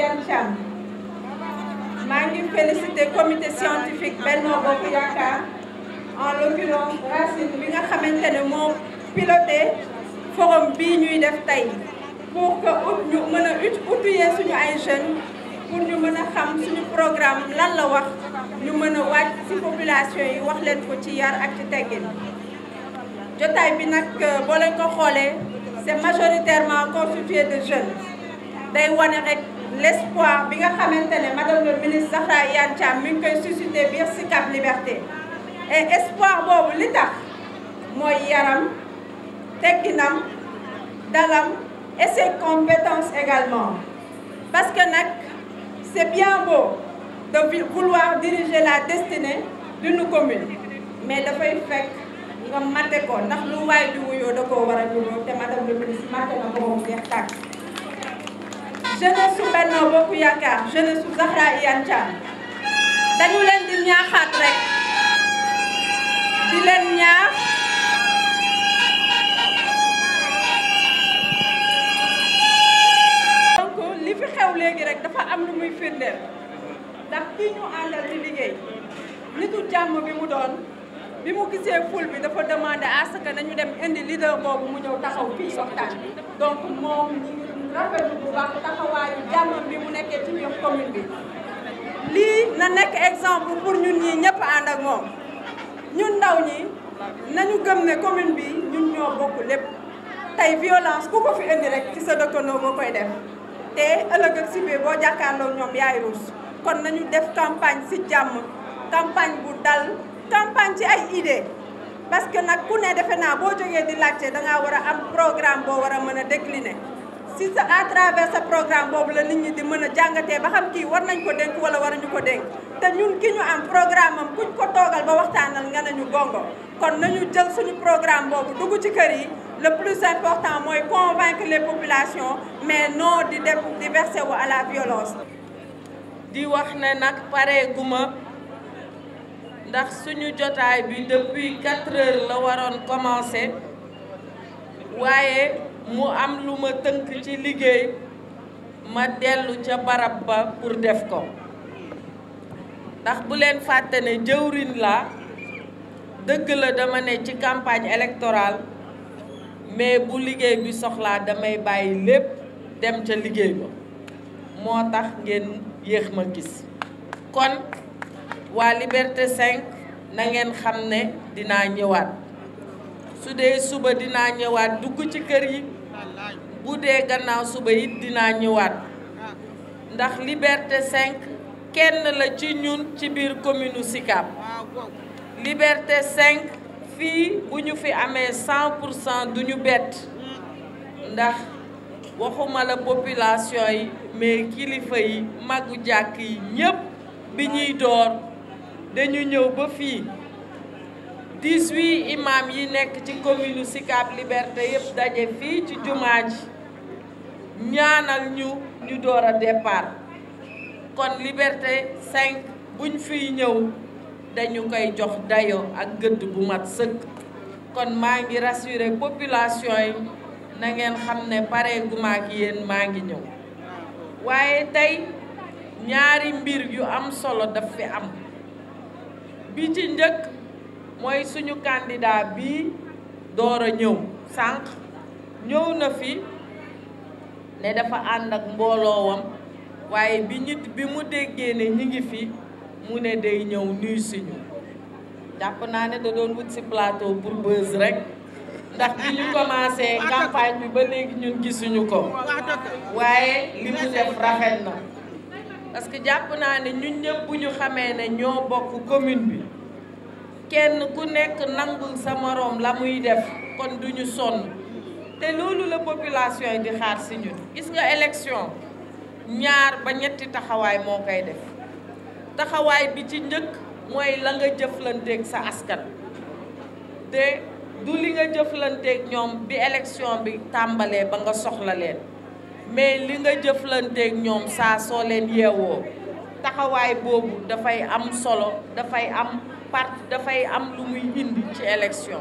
Mariam Thiam maa ngi félicité comité scientifique Benno Bokk Yaakaar en l'occurrence Racine bi nga xamante ne moo piloté forum bii ñuy def tey pour que ut ñu mën a ut outiller suñu ay jeunes pour ñu mën a xam suñu programme lan la wax ñu mën a wàcc ci population yi wax ko ci yar ak ci teggin jotaay bi nag boo ko xoolee c'est majoritairement constitué de jeunes day wane rek l'espoir bi nga xamante ne madame le ministre Zahra Iyane Thiam mi ngi koy suscité biir Sicap Liberté et espoir boobu li tax mooy yaram tegginam dalam et ses compétences également parce que nag c'est bien beau de vouloir diriger la destinée d'une commune mais dafay fekk nga mate ko ndax lu waay di wuyoo da koo war a juróom te madame le ministre mate na ko moom jeex tàkk jeunesse su Benno Bokk Yaakaar jeunesse su Zahra Iyane dañu leen di ñaaxaat rek di leen ñaax donc li fi xew léegi rek dafa am lu muy firndeel ndax kii ñu àndal di liggéey nitu jàmm bi mu doon bi mu gisee ful bi dafa demandé à ce que nañu dem indi leader boobu mu ñëw taxaw fii waxtaan donc moom rafetlu bu baax taxawaayu jàmm bi mu nekkee ci biir commune bi lii na nekk exemple pour ñun ñii ñëpp ànd ak moom ñun ndaw ñi nañu gëm ne commune bi ñun ñoo bokk lépp tey violence ku ko fi indi rek ci sa dëkkandoo nga koy def te ëllëg ak si boo jàkkaarloo ñoom yaay ruus kon nañu def campagne si jàmm campagne bu dal campagne ci ay idée parce que nag ku ne defe naa boo jógee di laajte da war a am programme boo war a mën a décliner si sa à travers sa programme boobu la nit ñi di mën a jàngatee ba xam kii war nañ ko dénk war ñu ko dénk te ñun ki ñu am programme am kuñ ko toogal ba waxtaanal nga nañu gongo kon nañu jël suñu programme boobu dugg ci kër yi le plus important mooy convaincre les populations mais noo di def di verser wu à la violence. di wax ne nag pareeguma ndax suñu jotaay bi depuis quatre heures la waroon commencer waaye. mu am lu ma tënk ci liggéey ma dellu ca barab ba pour def ko ndax bu leen fàtte ne jëwrin laa dëgg la dama ne ci campagne électorale mais bu liggéey bi soxlaa damay bàyyi lépp dem ca liggéey ba moo tax ngeen yéex ma gis kon waa Liberté 5 na ngeen xam ne dinaa ñëwaat su dee suba dinaa ñëwaat dugg ci kër yi bu dee gannaaw suba dina dinaa ñëwaat ndax Liberté kenn la ci ñun ci biir commune Sicap Liberté 5 fii bu ñu fi amee 100 pour cent bett ndax waxuma la population yi mais kilifa yi magu jàkk yi ñépp bi ñuy door dañu ñëw ba fii dix-huit imam yi nekk ci commune Sicap Liberté yëpp daje fii ci jumaa ji ñaanal ñu ñu door a départ kon Liberté 5 buñ fiy ñëw dañu koy jox dayo ak gëdd bu mat sëkk kon maa ngi rasure population yi na ngeen xam ne pare gu ma ak maa ngi ñëw waaye tey ñaari mbir yu am solo daf fi am bi ci njëkk mooy suñu candidat bii door a ñëw sànq ñëw na fi ne dafa ànd ak mbooloowam waaye bi nit bi mu déggee ne ñi ngi fi mu ne day ñëw nuyu suñu jàpp naa ne da doon wut si plateau pour buzz rek ndax bi ñu commencé campagne bi ba léegi ñun gisuñu ko waaye li mu def rafet na parce que jàpp naa ne ñun ñëpp ñu xamee ne ñoo bokk commune bi kenn ku nekk nangul sa moroom la muy def kon duñu sonn te loolu la population yi di xaar si ñun gis nga élection ñaar ba ñetti taxawaay moo koy def taxawaay bi ci njëkk mooy la nga jëflanteeg sa askan te du li nga jëflanteeg ñoom bi élection bi tàmbalee ba nga soxla leen mais li nga jëflanteeg ñoom saa soo leen yeewoo taxawaay boobu dafay am solo dafay am parti dafay am lu muy indi ci élection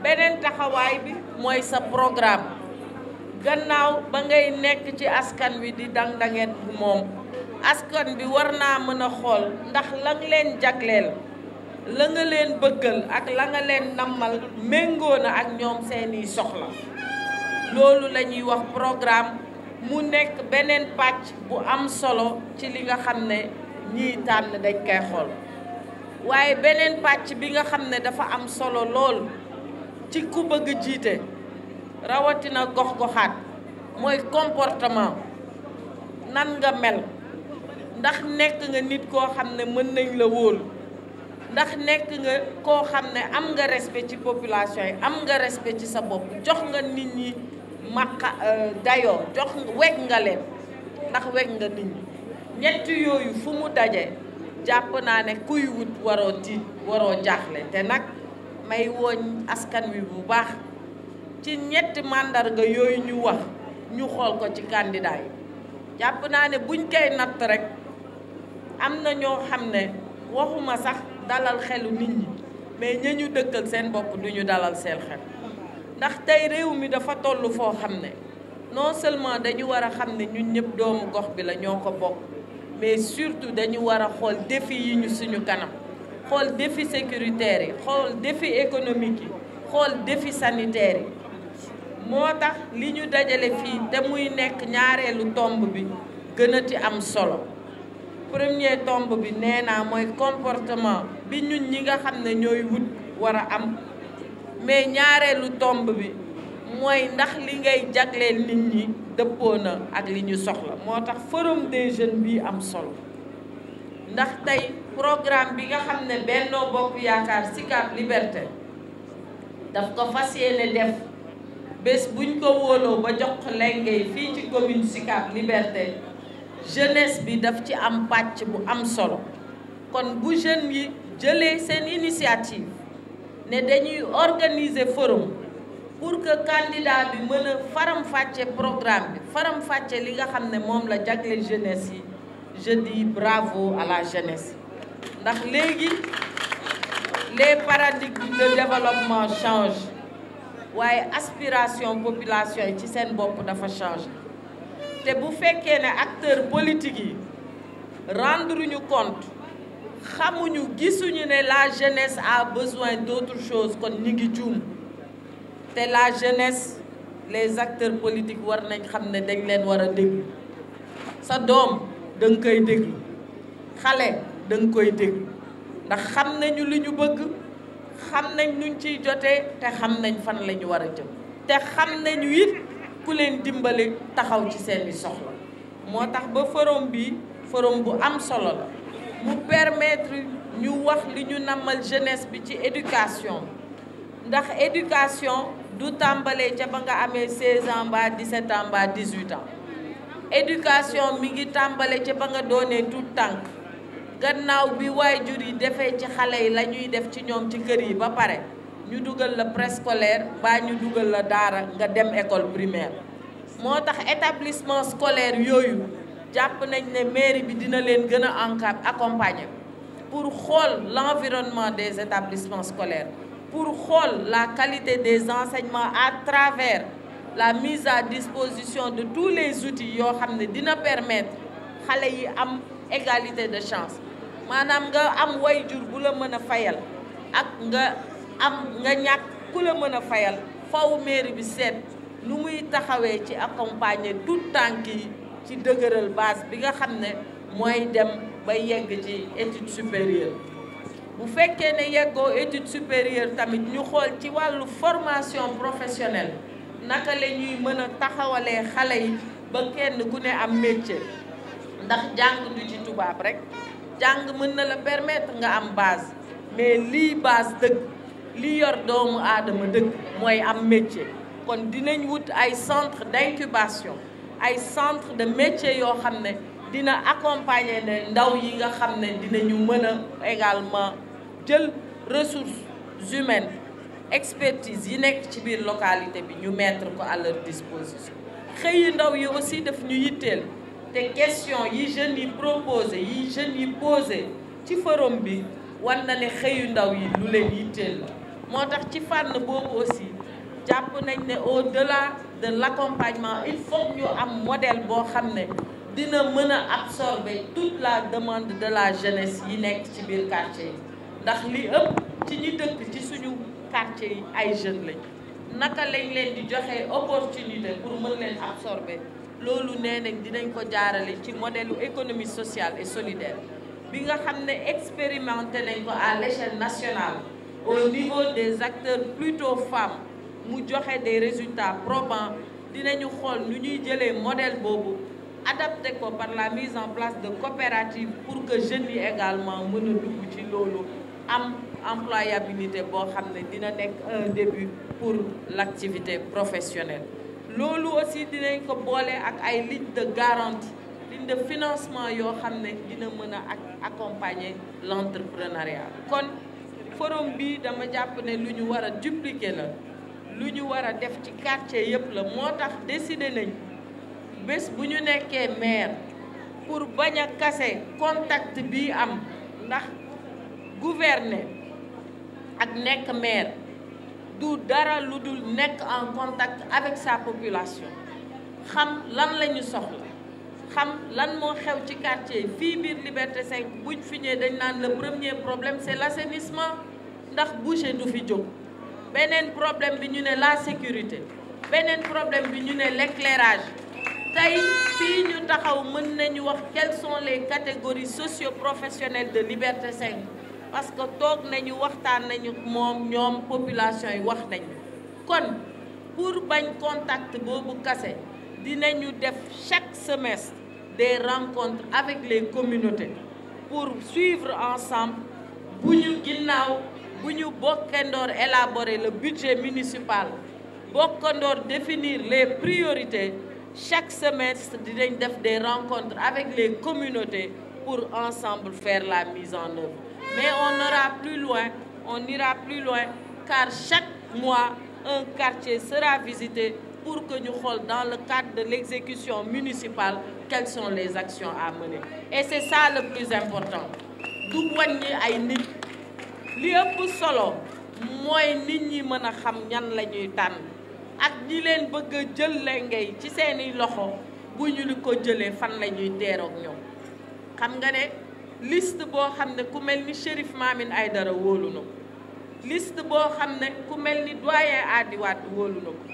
beneen taxawaay bi mooy sa programme gannaaw ba ngay nekk ci askan wi di dang-dangeet moom askan bi war naa mën a xool ndax la nga leen jagleel la nga leen bëggal ak la nga leen nammal méngoo na ak ñoom seeni soxla loolu lañuy wax programme mu nekk beneen pàcc bu am solo ci li nga xam ne ñiy tànn dañ koy xool waaye beneen pàcc bi nga xam ne dafa am solo lool ci ku bëgg jiite rawatina gox-goxaat mooy comportement nan nga mel ndax nekk nga nit koo xam ne mën nañ la wóol ndax nekk nga koo xam ne am nga respect ci population yi am nga respect ci sa bopp jox nga nit ñi maqa euh, dayoo jox wegg nga leen ndax wegg nga nit ñi ñett yooyu fu mu daje. jàpp naa ne kuy wut waroo tiit waroo jaaxle te nag may wooñ askan wi bu baax ci ñetti màndarga yooyu ñu wax ñu xool ko ci candidat yi jàpp naa ne buñ koy natt rek am na ñoo xam ne waxuma sax dalal xelu nit ñi mais ña ñu dëkkal seen bopp duñu dalal seen xel ndax tey réew mi dafa toll foo xam ne non seulement dañu war a xam ne ñun ñëpp doomu gox bi la ñoo ko bokk mais surtout dañu war a xool defi yi ñu suñu kanam xool défi sécuritaire yi xool defi économique yi xool defi sanitaire yi moo tax li ñu dajale fii te muy nekk ñaareelu tomb bi gënati am solo premier tomb bi nee naa mooy comportement bi ñun ñi nga xam ne ñooy wut war a am mais ñaareelu tomb bi mooy ndax li ngay jagle nit ñi dëppoo na ak li ñu soxla moo tax forum des jeunes bii am solo ndax tey programme bi nga xam ne Benno Bokk Yaakaar Sicap Liberté daf ko fas yéene def bés buñ ko wóoloo ba jox ko lengey fii ci commune Sicap Liberté jeunesse bi daf ci am pàcc bu am sol kon bu jeune yi jëlee seen initiative ne dañuy organiser forum pour que candidat bi mën a faram-fàcce programme bi faram-fàcce li nga xam ne moom la jagle jeunesse yi je dis bravo à la jeunesse ndax léegi les paradigmes de développement changent waaye aspiration population yi ci seen bopp dafa change te bu fekkee ne acteur politiques yi rendre ñu compte xamuñu gisuñu ne la jeunesse a besoin d'autre chose kon ñi ngi juum te la jeunesse les acteurs politiques war nañ xam ne dañ leen war a déglu sa doom da nga koy déglu xale da koy déglu ndax xam nañu li ñu bëgg xam nañ nuñ ciy jotee te xam nañ fan lañu ñu war a jëm te xam nañu it ku leen dimbale taxaw ci seeni soxla moo tax ba forum bi forum bu am solo la mu permettre ñu wax li ñu namal jeunesse bi ci éducation ndax éducation du tàmbalee ca ba nga amee 16 ans mbaa 17 ans mbaa 18 ans éducation mi ngi tàmbale ca ba nga doonee tout tànk gannaaw bi waajur yi defee ci xale yi la ñuy def ci ñoom ci kër yi ba pare ñu dugal la préscolaire mbaa ñu dugal la daara nga dem école primaire moo tax établissement scolaire yooyu jàpp nañ ne mairie bi dina leen gën a encadrer accompagner pour xool l'environnement des établissements scolaires pour xool la qualité des enseignements à travers la mise à disposition de tous les outils yoo xam ne dina permettre xale yi am égalité de chance maanaam nga am wayjur bu la mën a fayal ak nga am nga ñàkk ku la mën a fayal faw mairie bi seet lu muy taxawee ci accompagner tout tànk yi ci dëgëral base bi nga xam ne mooy dem ba yegg ci études supérieures bu fekkee ne yeggoo étude supérieure tamit ñu xool ci wàllu formation professionnelle naka la ñuy mën a taxawalee xale yi ba kenn ku ne am métier ndax jàng du ci tubaab rek jàng mën na la permettre nga am base mais lii base dëgg li yor doomu aadama dëgg mooy am métier kon dinañ wut ay centre d'incubation ay centre de métier yoo xam ne dina accompagner ne ndaw yi nga xam ne dinañu mën a également jël ressources humaines expertise yi nekk ci biir localité bi ñu mettre ko à leur disposition xëyu ndaw yi aussi daf ñu yitteel te question yi jeunes yi proposé yi jeunes yi posé ci forum bi war na ne xëyu ndaw yi lu leen yitteel la moo tax ci fànn boobu aussi jàpp nañ ne au delà de l' accompagnement il faut ñu am modèle boo xam ne dina mën a absorber toute la demande de la jeunesse yi nekk ci biir quartier yi ndax li ëpp ci ñi dëkk ci suñu quartier yi ay jeunes lañ naka lañ leen di joxe opportunité pour mën leen absorber loolu nee nañ dinañ ko jaarale ci modèle économie sociale et solidaire bi nga xam ne expérimenté nañ ko à l'échelle nationale au niveau des acteurs plutôt femmes mu joxe des résultats probants dinañu xool nu ñuy jëlee modèle boobu adapté ko par la mise en place de coopératives pour que jeunes yi également mën a ci loolu am employabilité boo xam ne dina nekk un début pour l'activité professionnel loolu aussi dinañ ko boole ak ay ligne de garantie ligne financement yoo xam ne dina mën a ak accompagner l'entrepreneuriat kon forum bi dama jàpp ne lu ñu war a dupliquer la lu ñu war a def ci quartier yëpp la moo tax décider nañ bés bu ñu nekkee maire pour bañ a kase contact bi am ndax gouverner ak nekk maire du dara lu dul nekk en contact avec sa population xam lan la ñu soxla xam lan moo xew ci quartier fii biir Liberté 5 buñ fi ñëwee dañ naan le premier problème c'est l'assainissement ndax boucher du fi jóg beneen problème bi ñu ne la sécurité beneen problème bi ñu ne l'éclairage tey fii ñu taxaw mën nañu wax quelles sont les catégories socio-professionnelles de Liberté 5 parce que toog nañu waxtaan nañu moom ñoom population yi wax nañu kon pour bañ contact boobu kase dinañu def chaque semestre des rencontres avec les communautés pour suivre ensemble bu ñu ginnaaw bu ñu bokkandoor élaborer le budget municipal bokkandoor définir les priorités chaque semestre dinañ def des rencontres avec les communautés pour ensemble faire la mise en œuvre Mais on ira plus loin, on ira plus loin, car chaque mois, un quartier sera visité pour que ñu xool dans le cadre de l'exécution municipale quelles sont les actions à mener. Et c'est ça le plus important du wàññi ay nit li ëpp solo mooy nit ñi mën a xam ñan la ñuy tànn ak ñi leen bëgg a jël ngay ci seeni loxo bu ñu li ko jëlee fan la ñuy teeroog ñoom xam nga ne. liste boo xam ne ku mel ni Chérif ay dara wóolu na ko liste boo xam ne ku mel ni doyen Adi Wade wóolu na ko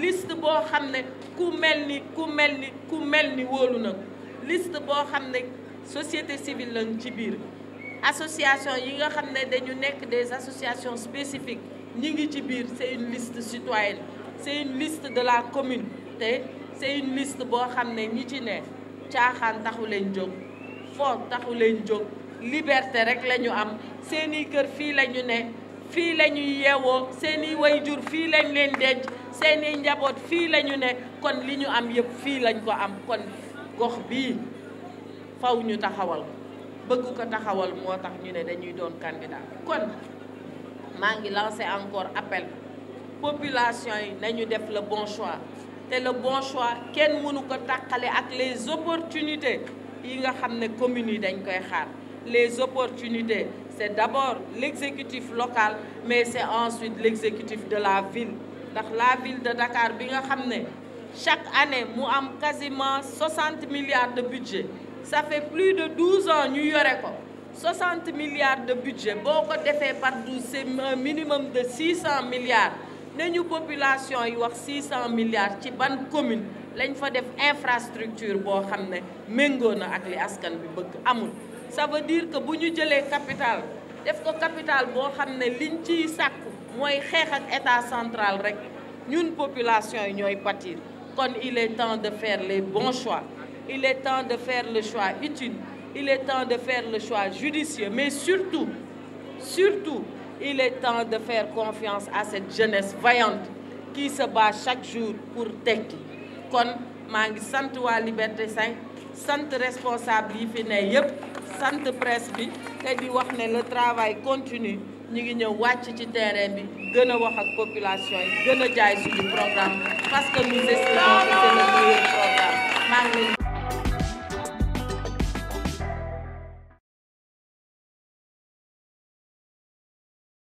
liste boo xam ne ku mel ni ku mel ni ku mel ni wóolu na ko liste boo xam ne société civile lañ ci biir association yi nga xam ne dañu nekk des associations spécifiques ñi ngi ci biir c'est une liste citoyenne c'est une liste de la commune te c'est une liste boo xam ne ñi ci ne caaxaan taxu leen jóg foo taxu leen jóg liberté rek la am seeni kër fii la ñu ne fii la ñuy yeewoo seeni wayjur fii lañ leen denc seeni njaboot fii la ñu ne kon li ñu am yëpp fii lañ ko am kon gox bi faw ñu taxawal bëgg ko taxawal moo tax ñu ne dañuy doon candidat kon maa ngi lancé encore appel population yi nañu def le bon choix te le bon choix kenn mënu ko tàqale ak les opportunités yi nga xam ne communes yi dañ koy xaar les opportunités c'est d'abord l'exécutif local mais c'est ensuite l'exécutif de la ville ndax la ville de Dakar bi nga xam ne chaque année mu am quasiment 60 milliards de budget ça fait plus de 12 ans ñu yore ko 60 milliards de budget boo ko defee par 12 c'est un minimum de 600 milliards ñu population yi wax 600 milliards ci ban commune lañ fa def infrastructure boo xam ne méngoo na ak li askan bi bëgg amul. ça veut dire que bu ñu jëlee capital def ko capital boo xam ne liñ ciy sàkku mooy xeex ak état centrale rek ñun population yi ñooy pâtir kon il est temps de faire les bons choix il est de faire le choix utile il est temps de faire le choix judicieux mais surtout surtout. Il est temps de faire confiance à cette jeunesse vaillante kii se bat chaque jour pour tekki kon maa ngi sant waa Liberté 5 sant responsable yi fi ne yëpp sant press bi te di wax ne le travaay continue ñu ngi ñëw wàcc ci terrain bi gën a wax ak population yi gën a jaay suñu programme parce que nous estimons que c'est le meilleur programme maa ngi